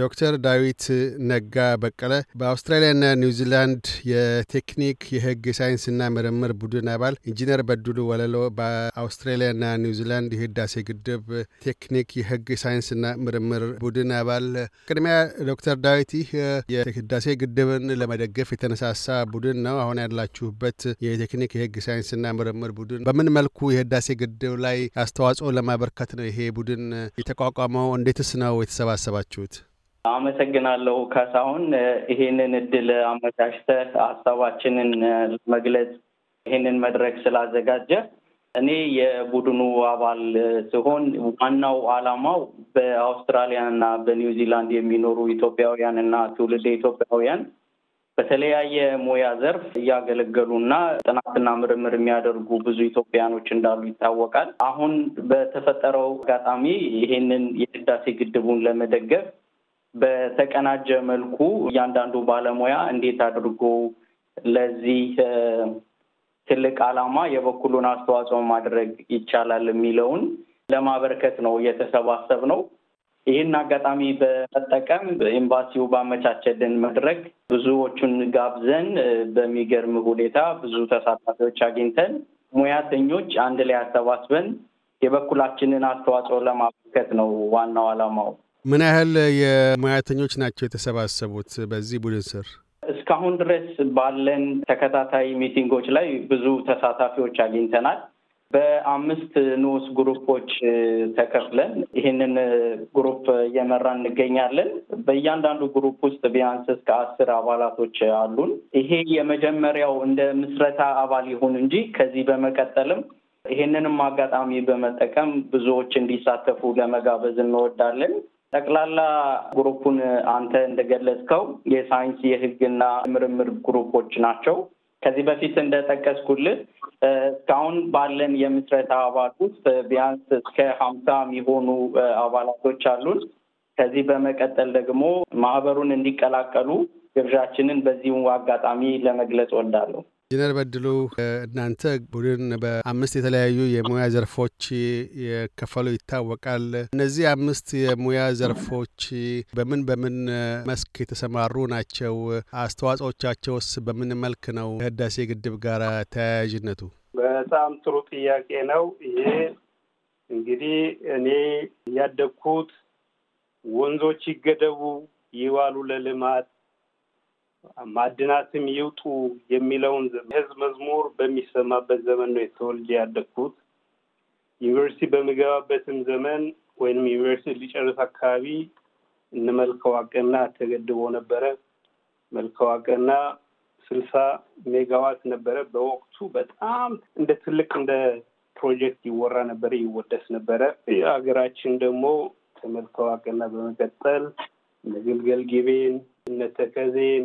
ዶክተር ዳዊት ነጋ በቀለ በአውስትራሊያና ኒውዚላንድ የቴክኒክ የህግ ሳይንስና ምርምር ቡድን አባል፣ ኢንጂነር በድሉ ወለሎ በአውስትራሊያና ኒውዚላንድ የህዳሴ ግድብ ቴክኒክ የህግ ሳይንስና ምርምር ቡድን አባል። ቅድሚያ ዶክተር ዳዊት ይህ የህዳሴ ግድብን ለመደገፍ የተነሳሳ ቡድን ነው። አሁን ያላችሁበት የቴክኒክ የህግ ሳይንስና ምርምር ቡድን በምን መልኩ የህዳሴ ግድብ ላይ አስተዋጽኦ ለማበርከት ነው ይሄ ቡድን የተቋቋመው? እንዴትስ ነው የተሰባሰባችሁት? አመሰግናለሁ ካሳሁን፣ ይሄንን እድል አመቻችተህ ሀሳባችንን ለመግለጽ ይሄንን መድረክ ስላዘጋጀ። እኔ የቡድኑ አባል ሲሆን ዋናው ዓላማው ና በኒውዚላንድ የሚኖሩ ኢትዮጵያውያን እና ትውልደ ኢትዮጵያውያን በተለያየ ሙያ ዘርፍ እያገለገሉ እና ጥናትና ምርምር የሚያደርጉ ብዙ ኢትዮጵያኖች እንዳሉ ይታወቃል። አሁን በተፈጠረው አጋጣሚ ይሄንን የህዳሴ ግድቡን ለመደገፍ በተቀናጀ መልኩ እያንዳንዱ ባለሙያ እንዴት አድርጎ ለዚህ ትልቅ ዓላማ የበኩሉን አስተዋጽኦ ማድረግ ይቻላል የሚለውን ለማበርከት ነው እየተሰባሰብ ነው። ይህን አጋጣሚ በመጠቀም ኤምባሲው ባመቻቸልን መድረክ ብዙዎቹን ጋብዘን በሚገርም ሁኔታ ብዙ ተሳታፊዎች አግኝተን ሙያተኞች አንድ ላይ አሰባስበን የበኩላችንን አስተዋጽኦ ለማበርከት ነው ዋናው ዓላማው። ምን ያህል የሙያተኞች ናቸው የተሰባሰቡት በዚህ ቡድን ስር? እስካሁን ድረስ ባለን ተከታታይ ሚቲንጎች ላይ ብዙ ተሳታፊዎች አግኝተናል። በአምስት ንዑስ ግሩፖች ተከፍለን ይህንን ግሩፕ እየመራ እንገኛለን። በእያንዳንዱ ግሩፕ ውስጥ ቢያንስ እስከ አስር አባላቶች አሉን። ይሄ የመጀመሪያው እንደ ምስረታ አባል ይሁን እንጂ ከዚህ በመቀጠልም ይሄንንም አጋጣሚ በመጠቀም ብዙዎች እንዲሳተፉ ለመጋበዝ እንወዳለን። ጠቅላላ ግሩፑን አንተ እንደገለጽከው የሳይንስ የህግና ምርምር ግሩፖች ናቸው። ከዚህ በፊት እንደጠቀስኩልህ እስካሁን ባለን የምስረታ አባል ውስጥ ቢያንስ እስከ ሀምሳ የሚሆኑ አባላቶች አሉን። ከዚህ በመቀጠል ደግሞ ማህበሩን እንዲቀላቀሉ ግብዣችንን በዚሁ አጋጣሚ ለመግለጽ ወዳለሁ። ኢንጂነር በድሉ እናንተ ቡድን በአምስት የተለያዩ የሙያ ዘርፎች የከፈሉ ይታወቃል። እነዚህ አምስት የሙያ ዘርፎች በምን በምን መስክ የተሰማሩ ናቸው? አስተዋጽኦቻቸውስ በምን መልክ ነው? ከህዳሴ ግድብ ጋር ተያያዥነቱ? በጣም ጥሩ ጥያቄ ነው። ይሄ እንግዲህ እኔ ያደግኩት ወንዞች ይገደቡ ይዋሉ ለልማት ማዕድናትም ይውጡ የሚለውን የህዝብ መዝሙር በሚሰማበት ዘመን ነው የተወልጄ ያደግኩት። ዩኒቨርሲቲ በሚገባበትም ዘመን ወይም ዩኒቨርሲቲ ሊጨርስ አካባቢ እነ አቀና ተገድቦ ነበረ። አቀና ስልሳ ሜጋዋት ነበረ። በወቅቱ በጣም እንደ ትልቅ እንደ ፕሮጀክት ይወራ ነበረ፣ ይወደስ ነበረ። ሀገራችን ደግሞ አቀና በመቀጠል እነ ግልገል ጊቤን እነ ተከዜን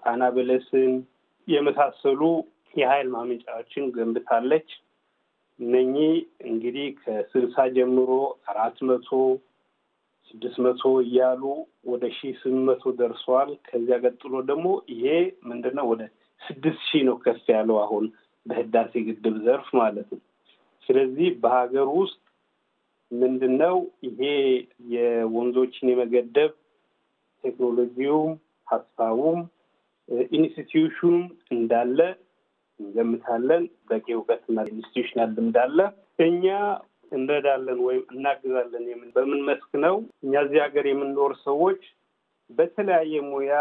ጣና በለስን የመሳሰሉ የሀይል ማመንጫዎችን ገንብታለች። እነኚህ እንግዲህ ከስልሳ ጀምሮ አራት መቶ ስድስት መቶ እያሉ ወደ ሺህ ስምንት መቶ ደርሰዋል። ከዚያ ቀጥሎ ደግሞ ይሄ ምንድነው ወደ ስድስት ሺህ ነው ከፍ ያለው አሁን በህዳሴ ግድብ ዘርፍ ማለት ነው። ስለዚህ በሀገር ውስጥ ምንድነው ይሄ የወንዞችን የመገደብ ቴክኖሎጂውም ሀሳቡም ኢንስቲትዩሽኑም እንዳለ እንገምታለን። በቂ እውቀትና ኢንስቲትዩሽናል ልምድ አለ። እኛ እንረዳለን ወይም እናግዛለን የምን በምን መስክ ነው? እኛ እዚህ ሀገር የምንኖር ሰዎች በተለያየ ሙያ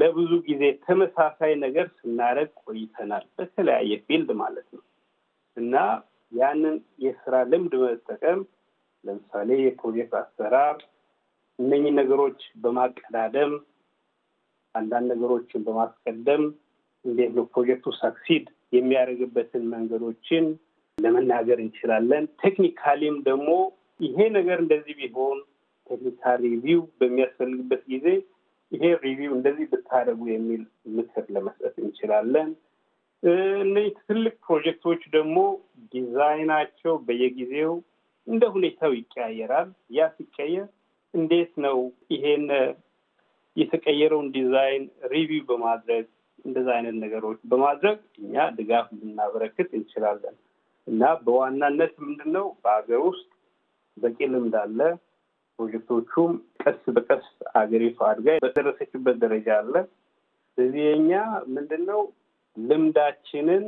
ለብዙ ጊዜ ተመሳሳይ ነገር ስናደርግ ቆይተናል። በተለያየ ፊልድ ማለት ነው እና ያንን የስራ ልምድ በመጠቀም ለምሳሌ የፕሮጀክት አሰራር እነኚህ ነገሮች በማቀዳደም አንዳንድ ነገሮችን በማስቀደም እንዴት ነው ፕሮጀክቱ ሰክሲድ የሚያደርግበትን መንገዶችን ለመናገር እንችላለን። ቴክኒካሊም ደግሞ ይሄ ነገር እንደዚህ ቢሆን ቴክኒካል ሪቪው በሚያስፈልግበት ጊዜ ይሄ ሪቪው እንደዚህ ብታደርጉ የሚል ምክር ለመስጠት እንችላለን። እነዚህ ትልቅ ፕሮጀክቶች ደግሞ ዲዛይናቸው በየጊዜው እንደ ሁኔታው ይቀያየራል። ያ ሲቀየር እንዴት ነው ይሄን የተቀየረውን ዲዛይን ሪቪው በማድረግ እንደዛ አይነት ነገሮች በማድረግ እኛ ድጋፍ ልናበረክት እንችላለን እና በዋናነት ምንድን ነው በሀገር ውስጥ በቂ ልምድ አለ። ፕሮጀክቶቹም ቀስ በቀስ አገሪቱ አድጋ በደረሰችበት ደረጃ አለ። ስለዚህ የኛ ምንድን ነው ልምዳችንን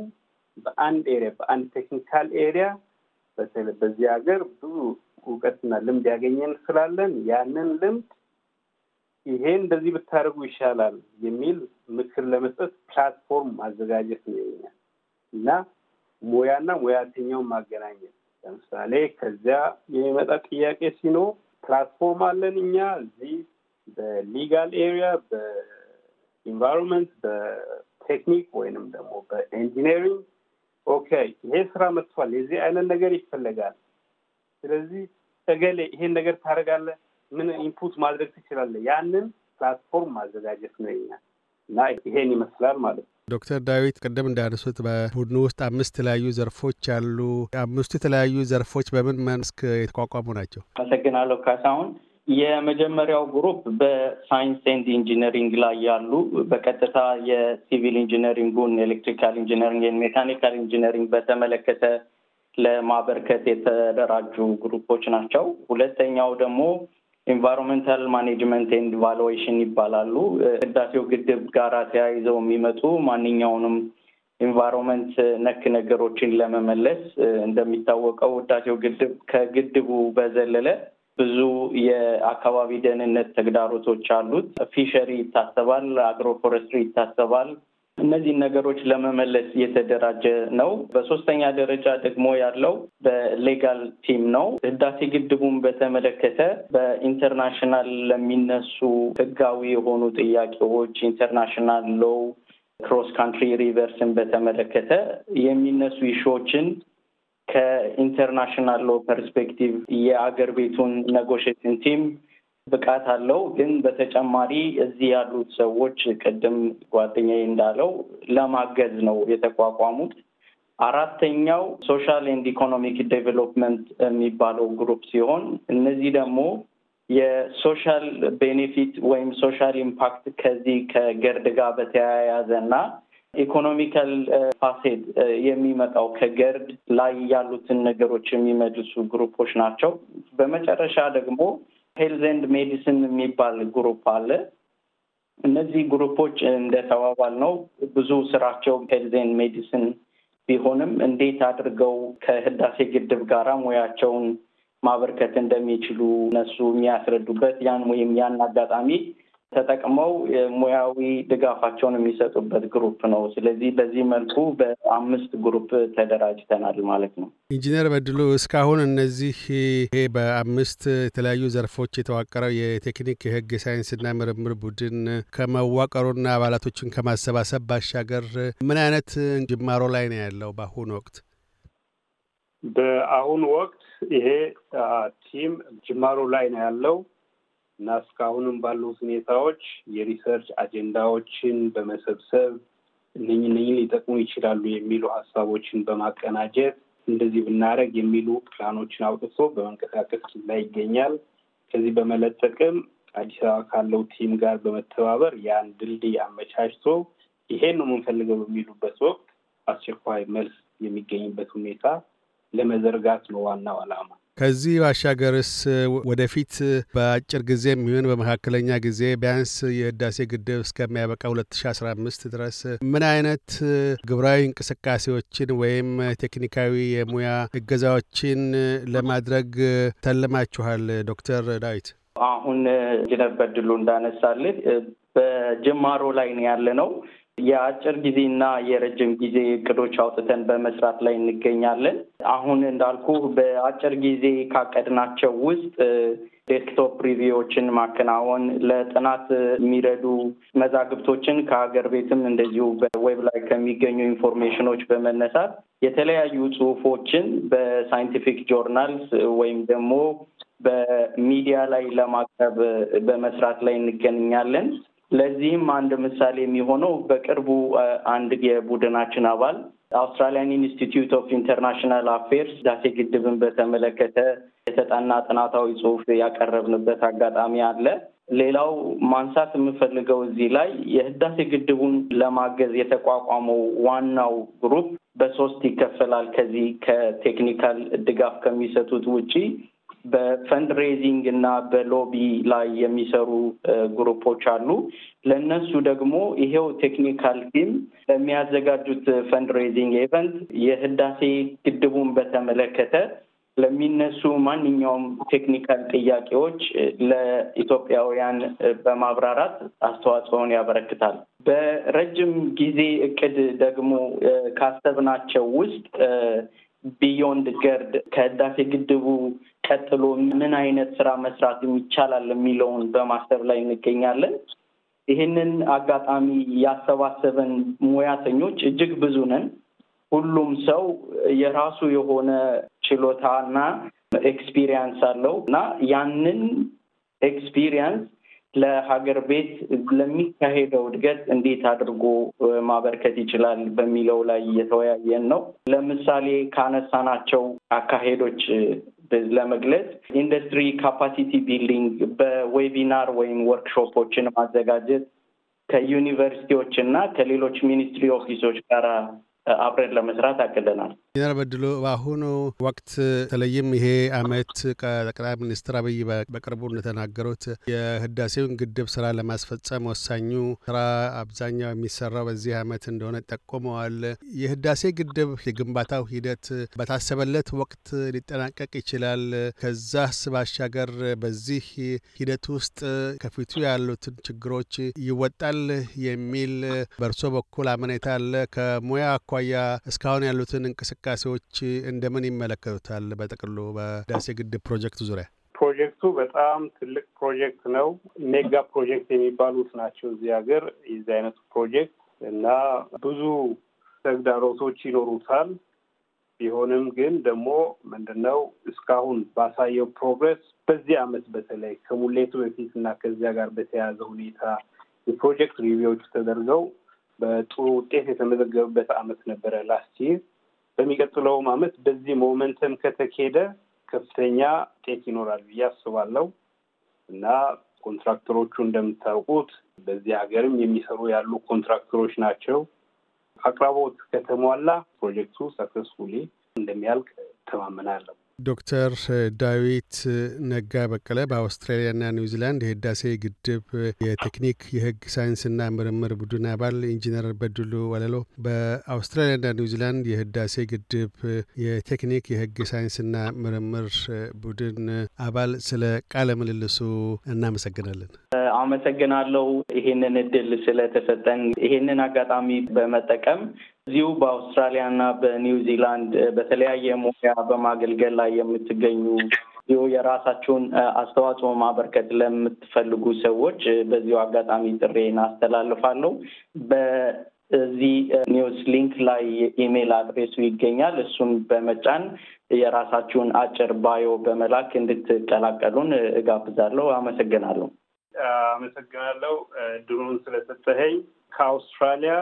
በአንድ ኤሪያ በአንድ ቴክኒካል ኤሪያ በተለይ በዚህ ሀገር ብዙ እውቀትና ልምድ ያገኘን ስላለን ያንን ልምድ ይሄ እንደዚህ ብታደርጉ ይሻላል የሚል ምክር ለመስጠት ፕላትፎርም ማዘጋጀት ነው እና ሙያና ሙያተኛውን ማገናኘት ለምሳሌ ከዚያ የሚመጣ ጥያቄ ሲኖ ፕላትፎርም አለን እኛ እዚህ በሊጋል ኤሪያ በኢንቫይሮንመንት በቴክኒክ ወይንም ደግሞ በኢንጂነሪንግ ኦኬ ይሄ ስራ መጥቷል የዚህ አይነት ነገር ይፈለጋል ስለዚህ እገሌ ይሄን ነገር ታደርጋለህ ምን ኢንፑት ማድረግ ትችላለህ? ያንን ፕላትፎርም ማዘጋጀት ነው የኛ እና ይሄን ይመስላል ማለት ነው። ዶክተር ዳዊት ቅድም እንዳነሱት በቡድኑ ውስጥ አምስት የተለያዩ ዘርፎች አሉ። አምስቱ የተለያዩ ዘርፎች በምን መስክ የተቋቋሙ ናቸው? አመሰግናለሁ ካሳሁን። የመጀመሪያው ግሩፕ በሳይንስ ኤንድ ኢንጂነሪንግ ላይ ያሉ በቀጥታ የሲቪል ኢንጂነሪንጉን፣ ኤሌክትሪካል ኢንጂነሪንግን፣ ሜካኒካል ኢንጂነሪንግ በተመለከተ ለማበርከት የተደራጁ ግሩፖች ናቸው። ሁለተኛው ደግሞ ኢንቫይሮንመንታል ማኔጅመንት ኤንድ ቫሉዌሽን ይባላሉ። ህዳሴው ግድብ ጋራ ተያይዘው የሚመጡ ማንኛውንም ኢንቫይሮንመንት ነክ ነገሮችን ለመመለስ እንደሚታወቀው ህዳሴው ግድብ ከግድቡ በዘለለ ብዙ የአካባቢ ደህንነት ተግዳሮቶች አሉት። ፊሸሪ ይታሰባል፣ አግሮፎረስትሪ ይታሰባል፣ እነዚህን ነገሮች ለመመለስ የተደራጀ ነው። በሶስተኛ ደረጃ ደግሞ ያለው በሌጋል ቲም ነው። ህዳሴ ግድቡን በተመለከተ በኢንተርናሽናል ለሚነሱ ህጋዊ የሆኑ ጥያቄዎች ኢንተርናሽናል ሎው ክሮስ ካንትሪ ሪቨርስን በተመለከተ የሚነሱ ኢሹዎችን ከኢንተርናሽናል ሎ ፐርስፔክቲቭ የአገር ቤቱን ኔጎሽዬሽን ቲም ብቃት አለው። ግን በተጨማሪ እዚህ ያሉት ሰዎች ቅድም ጓደኛዬ እንዳለው ለማገዝ ነው የተቋቋሙት። አራተኛው ሶሻል ኤንድ ኢኮኖሚክ ዴቨሎፕመንት የሚባለው ግሩፕ ሲሆን እነዚህ ደግሞ የሶሻል ቤኔፊት ወይም ሶሻል ኢምፓክት ከዚህ ከገርድ ጋር በተያያዘ እና ኢኮኖሚካል ፋሴድ የሚመጣው ከገርድ ላይ ያሉትን ነገሮች የሚመልሱ ግሩፖች ናቸው። በመጨረሻ ደግሞ ሄልዘንድ ሜዲሲን የሚባል ግሩፕ አለ። እነዚህ ግሩፖች እንደተባባል ነው ብዙ ስራቸው ሄልዘንድ ሜዲሲን ቢሆንም እንዴት አድርገው ከህዳሴ ግድብ ጋራ ሙያቸውን ማበርከት እንደሚችሉ እነሱ የሚያስረዱበት ያን ወይም ያን አጋጣሚ ተጠቅመው የሙያዊ ድጋፋቸውን የሚሰጡበት ግሩፕ ነው። ስለዚህ በዚህ መልኩ በአምስት ግሩፕ ተደራጅተናል ማለት ነው። ኢንጂነር በድሉ እስካሁን እነዚህ ይሄ በአምስት የተለያዩ ዘርፎች የተዋቀረው የቴክኒክ የህግ ሳይንስና ምርምር ቡድን ከመዋቀሩና አባላቶችን ከማሰባሰብ ባሻገር ምን አይነት ጅማሮ ላይ ነው ያለው በአሁኑ ወቅት? በአሁኑ ወቅት ይሄ ቲም ጅማሮ ላይ ነው ያለው እና እስካሁንም ባሉ ሁኔታዎች የሪሰርች አጀንዳዎችን በመሰብሰብ እነኝ ሊጠቅሙ ይችላሉ የሚሉ ሀሳቦችን በማቀናጀት እንደዚህ ብናደረግ የሚሉ ፕላኖችን አውጥቶ በመንቀሳቀስ ላይ ይገኛል። ከዚህ በመለጠቅም አዲስ አበባ ካለው ቲም ጋር በመተባበር ያን ድልድይ አመቻችቶ ይሄን ነው የምንፈልገው በሚሉበት ወቅት አስቸኳይ መልስ የሚገኝበት ሁኔታ ለመዘርጋት ነው ዋናው ዓላማ። ከዚህ ባሻገርስ ወደፊት በአጭር ጊዜ የሚሆን በመካከለኛ ጊዜ ቢያንስ የህዳሴ ግድብ እስከሚያበቃ 2015 ድረስ ምን አይነት ግብራዊ እንቅስቃሴዎችን ወይም ቴክኒካዊ የሙያ እገዛዎችን ለማድረግ ተልማችኋል? ዶክተር ዳዊት አሁን ኢንጂነር በድሉ እንዳነሳልን በጅማሮ ላይ ያለ ነው። የአጭር ጊዜና የረጅም ጊዜ እቅዶች አውጥተን በመስራት ላይ እንገኛለን። አሁን እንዳልኩ በአጭር ጊዜ ካቀድናቸው ውስጥ ዴስክቶፕ ሪቪዎችን ማከናወን፣ ለጥናት የሚረዱ መዛግብቶችን ከሀገር ቤትም እንደዚሁ በዌብ ላይ ከሚገኙ ኢንፎርሜሽኖች በመነሳት የተለያዩ ጽሁፎችን በሳይንቲፊክ ጆርናልስ ወይም ደግሞ በሚዲያ ላይ ለማቅረብ በመስራት ላይ እንገኛለን። ለዚህም አንድ ምሳሌ የሚሆነው በቅርቡ አንድ የቡድናችን አባል አውስትራሊያን ኢንስቲትዩት ኦፍ ኢንተርናሽናል አፌርስ ዳሴ ግድብን በተመለከተ የተጠና ጥናታዊ ጽሑፍ ያቀረብንበት አጋጣሚ አለ። ሌላው ማንሳት የምፈልገው እዚህ ላይ የህዳሴ ግድቡን ለማገዝ የተቋቋመው ዋናው ግሩፕ በሶስት ይከፈላል። ከዚህ ከቴክኒካል ድጋፍ ከሚሰጡት ውጪ በፈንድ ሬዚንግ እና በሎቢ ላይ የሚሰሩ ግሩፖች አሉ። ለእነሱ ደግሞ ይሄው ቴክኒካል ቲም ለሚያዘጋጁት ፈንድ ሬዚንግ ኢቨንት የህዳሴ ግድቡን በተመለከተ ለሚነሱ ማንኛውም ቴክኒካል ጥያቄዎች ለኢትዮጵያውያን በማብራራት አስተዋጽኦን ያበረክታል። በረጅም ጊዜ እቅድ ደግሞ ካሰብናቸው ውስጥ ቢዮንድ ገርድ ከህዳሴ ግድቡ ቀጥሎ ምን አይነት ስራ መስራት ይቻላል የሚለውን በማሰብ ላይ እንገኛለን። ይህንን አጋጣሚ ያሰባሰበን ሙያተኞች እጅግ ብዙ ነን። ሁሉም ሰው የራሱ የሆነ ችሎታ እና ኤክስፒሪየንስ አለው እና ያንን ኤክስፒሪየንስ ለሀገር ቤት ለሚካሄደው እድገት እንዴት አድርጎ ማበርከት ይችላል በሚለው ላይ እየተወያየን ነው። ለምሳሌ ካነሳናቸው አካሄዶች ለመግለጽ ኢንዱስትሪ ካፓሲቲ ቢልዲንግ በዌቢናር ወይም ወርክሾፖችን ማዘጋጀት ከዩኒቨርሲቲዎች እና ከሌሎች ሚኒስትሪ ኦፊሶች ጋር አብረን ለመስራት አቅደናል። ጀነራል በድሉ በአሁኑ ወቅት በተለይም ይሄ አመት ከጠቅላይ ሚኒስትር አብይ በቅርቡ እንደተናገሩት የህዳሴውን ግድብ ስራ ለማስፈጸም ወሳኙ ስራ አብዛኛው የሚሰራው በዚህ አመት እንደሆነ ጠቁመዋል። የህዳሴ ግድብ የግንባታው ሂደት በታሰበለት ወቅት ሊጠናቀቅ ይችላል። ከዛስ ባሻገር በዚህ ሂደት ውስጥ ከፊቱ ያሉትን ችግሮች ይወጣል የሚል በእርሶ በኩል አመኔታ አለ ከሙያ አኳ አኳያ እስካሁን ያሉትን እንቅስቃሴዎች እንደምን ይመለከቱታል? በጥቅሉ በህዳሴ ግድብ ፕሮጀክት ዙሪያ ፕሮጀክቱ በጣም ትልቅ ፕሮጀክት ነው። ሜጋ ፕሮጀክት የሚባሉት ናቸው እዚህ ሀገር የዚህ አይነቱ ፕሮጀክት እና ብዙ ተግዳሮቶች ይኖሩታል። ቢሆንም ግን ደግሞ ምንድነው እስካሁን ባሳየው ፕሮግረስ በዚህ አመት በተለይ ከሙሌቱ በፊት እና ከዚያ ጋር በተያያዘ ሁኔታ የፕሮጀክት ሪቪዎች ተደርገው በጥሩ ውጤት የተመዘገበበት አመት ነበረ ላስት ይር። በሚቀጥለውም አመት በዚህ ሞመንተም ከተካሄደ ከፍተኛ ውጤት ይኖራል ብዬ አስባለሁ እና ኮንትራክተሮቹ እንደምታውቁት በዚህ ሀገርም የሚሰሩ ያሉ ኮንትራክተሮች ናቸው። አቅራቦት ከተሟላ ፕሮጀክቱ ሰክሰስፉሊ እንደሚያልቅ ተማመናለሁ። ዶክተር ዳዊት ነጋ በቀለ በአውስትራሊያና ኒውዚላንድ የህዳሴ ግድብ የቴክኒክ የህግ ሳይንስና ምርምር ቡድን አባል፣ ኢንጂነር በድሉ ወለሎ በአውስትራሊያና ኒውዚላንድ የህዳሴ ግድብ የቴክኒክ የህግ ሳይንስና ምርምር ቡድን አባል፣ ስለ ቃለ ምልልሱ እናመሰግናለን። አመሰግናለሁ ይሄንን እድል ስለተሰጠን። ይሄንን አጋጣሚ በመጠቀም እዚሁ በአውስትራሊያና በኒውዚላንድ በተለያየ ሙያ በማገልገል ላይ የምትገኙ ይሁ የራሳችሁን አስተዋጽኦ ማበርከት ለምትፈልጉ ሰዎች በዚሁ አጋጣሚ ጥሬን አስተላልፋለሁ። በዚህ ኒውስ ሊንክ ላይ ኢሜይል አድሬሱ ይገኛል። እሱን በመጫን የራሳችሁን አጭር ባዮ በመላክ እንድትቀላቀሉን እጋብዛለሁ። አመሰግናለሁ። አመሰግናለሁ ድሩን ስለሰጠኸኝ። ከአውስትራሊያ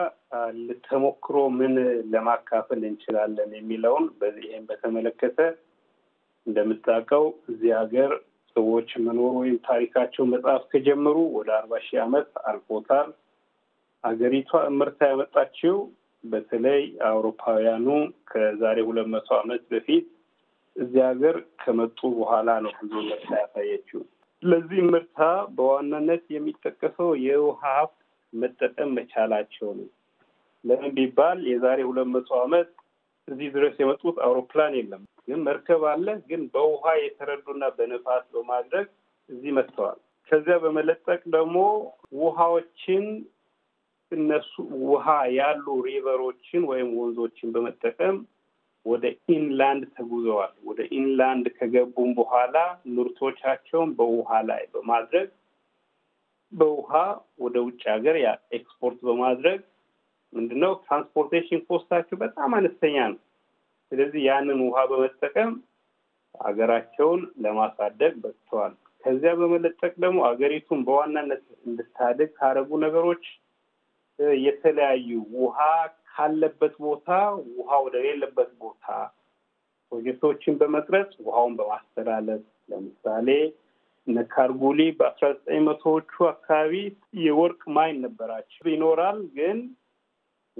ተሞክሮ ምን ለማካፈል እንችላለን የሚለውን በዚህም በተመለከተ እንደምታውቀው እዚህ ሀገር ሰዎች መኖር ወይም ታሪካቸው መጽሐፍ ከጀመሩ ወደ አርባ ሺህ ዓመት አልፎታል። ሀገሪቷ እምርታ ያመጣችው በተለይ አውሮፓውያኑ ከዛሬ ሁለት መቶ ዓመት በፊት እዚህ ሀገር ከመጡ በኋላ ነው ብዙ ምርታ ያሳየችው። ለዚህ ምርታ በዋናነት የሚጠቀሰው የውሃ ሀብት መጠቀም መቻላቸው ነው። ለምን ቢባል የዛሬ ሁለት መቶ ዓመት እዚህ ድረስ የመጡት አውሮፕላን የለም፣ ግን መርከብ አለ። ግን በውሃ የተረዱና በነፋስ በማድረግ እዚህ መጥተዋል። ከዚያ በመለጠቅ ደግሞ ውሃዎችን እነሱ ውሃ ያሉ ሪቨሮችን ወይም ወንዞችን በመጠቀም ወደ ኢንላንድ ተጉዘዋል። ወደ ኢንላንድ ከገቡም በኋላ ምርቶቻቸውን በውሃ ላይ በማድረግ በውሃ ወደ ውጭ ሀገር ኤክስፖርት በማድረግ ምንድነው ትራንስፖርቴሽን ኮስታቸው በጣም አነስተኛ ነው። ስለዚህ ያንን ውሃ በመጠቀም ሀገራቸውን ለማሳደግ በቅተዋል። ከዚያ በመለጠቅ ደግሞ አገሪቱን በዋናነት እንድታድግ ካረጉ ነገሮች የተለያዩ ውሃ ካለበት ቦታ ውሃ ወደሌለበት ቦታ ፕሮጀክቶችን በመቅረጽ ውሃውን በማስተላለፍ ለምሳሌ እነ ካርጉሊ በአስራ ዘጠኝ መቶዎቹ አካባቢ የወርቅ ማይን ነበራቸው። ይኖራል ግን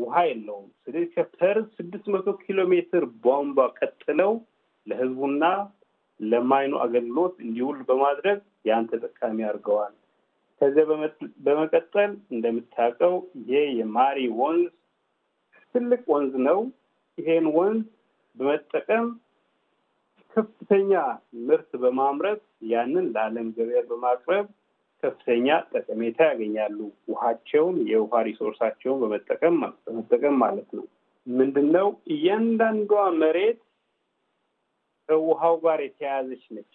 ውሃ የለውም። ስለዚህ ከፐርዝ ስድስት መቶ ኪሎ ሜትር ቧንቧ ቀጥለው ለህዝቡና ለማይኑ አገልግሎት እንዲውል በማድረግ ያን ተጠቃሚ አድርገዋል። ከዚያ በመቀጠል እንደምታውቀው ይሄ የማሪ ወንዝ ትልቅ ወንዝ ነው። ይሄን ወንዝ በመጠቀም ከፍተኛ ምርት በማምረት ያንን ለዓለም ገበያ በማቅረብ ከፍተኛ ጠቀሜታ ያገኛሉ። ውሃቸውን የውሃ ሪሶርሳቸውን በመጠቀም ማለት ነው። ምንድን ነው እያንዳንዷ መሬት ከውሃው ጋር የተያያዘች ነች።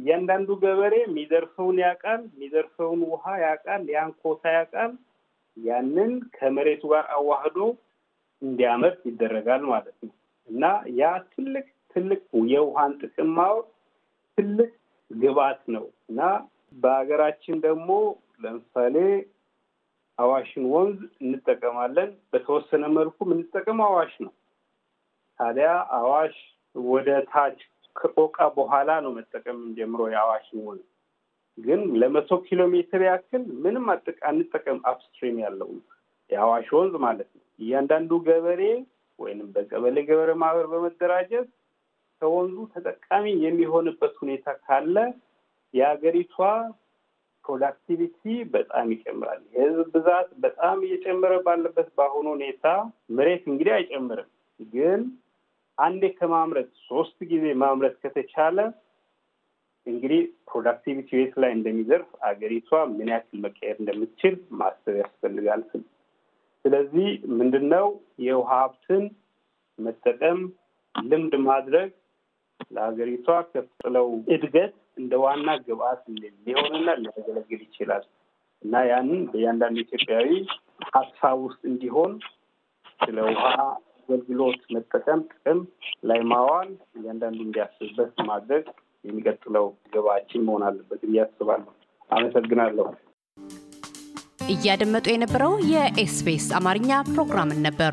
እያንዳንዱ ገበሬ የሚደርሰውን ያውቃል፣ የሚደርሰውን ውሃ ያውቃል፣ ያን ኮታ ያውቃል። ያንን ከመሬቱ ጋር አዋህዶ እንዲያመርት ይደረጋል ማለት ነው እና ያ ትልቅ ትልቅ የውሃን ጥቅም ማወቅ ትልቅ ግብዓት ነው እና በሀገራችን ደግሞ ለምሳሌ አዋሽን ወንዝ እንጠቀማለን። በተወሰነ መልኩ የምንጠቀመው አዋሽ ነው። ታዲያ አዋሽ ወደ ታች ከቆቃ በኋላ ነው መጠቀም የምንጀምረው የአዋሽን ወንዝ ግን ለመቶ ኪሎ ሜትር ያክል ምንም አንጠቀም አፕስትሪም ያለው የአዋሽ ወንዝ ማለት ነው። እያንዳንዱ ገበሬ ወይንም በቀበሌ ገበሬ ማህበር በመደራጀት ከወንዙ ተጠቃሚ የሚሆንበት ሁኔታ ካለ የሀገሪቷ ፕሮዳክቲቪቲ በጣም ይጨምራል። የህዝብ ብዛት በጣም እየጨመረ ባለበት በአሁኑ ሁኔታ መሬት እንግዲህ አይጨምርም፣ ግን አንዴ ከማምረት ሶስት ጊዜ ማምረት ከተቻለ እንግዲህ ፕሮዳክቲቪቲ ቤት ላይ እንደሚዘርፍ አገሪቷ ምን ያክል መቀየር እንደምትችል ማሰብ ያስፈልጋል። ስለዚህ ምንድነው የውሃ ሀብትን መጠቀም ልምድ ማድረግ ለሀገሪቷ ከፍጥለው እድገት እንደ ዋና ግብአት ሊሆንና ሊያገለግል ይችላል እና ያንን በእያንዳንዱ ኢትዮጵያዊ ሀሳብ ውስጥ እንዲሆን ስለ ውሃ አገልግሎት መጠቀም ጥቅም ላይ ማዋል እያንዳንዱ እንዲያስብበት ማድረግ የሚቀጥለው ግባችን መሆን አለበት ብዬ አመሰግናለሁ። እያደመጡ የነበረው የኤስቢኤስ አማርኛ ፕሮግራምን ነበር።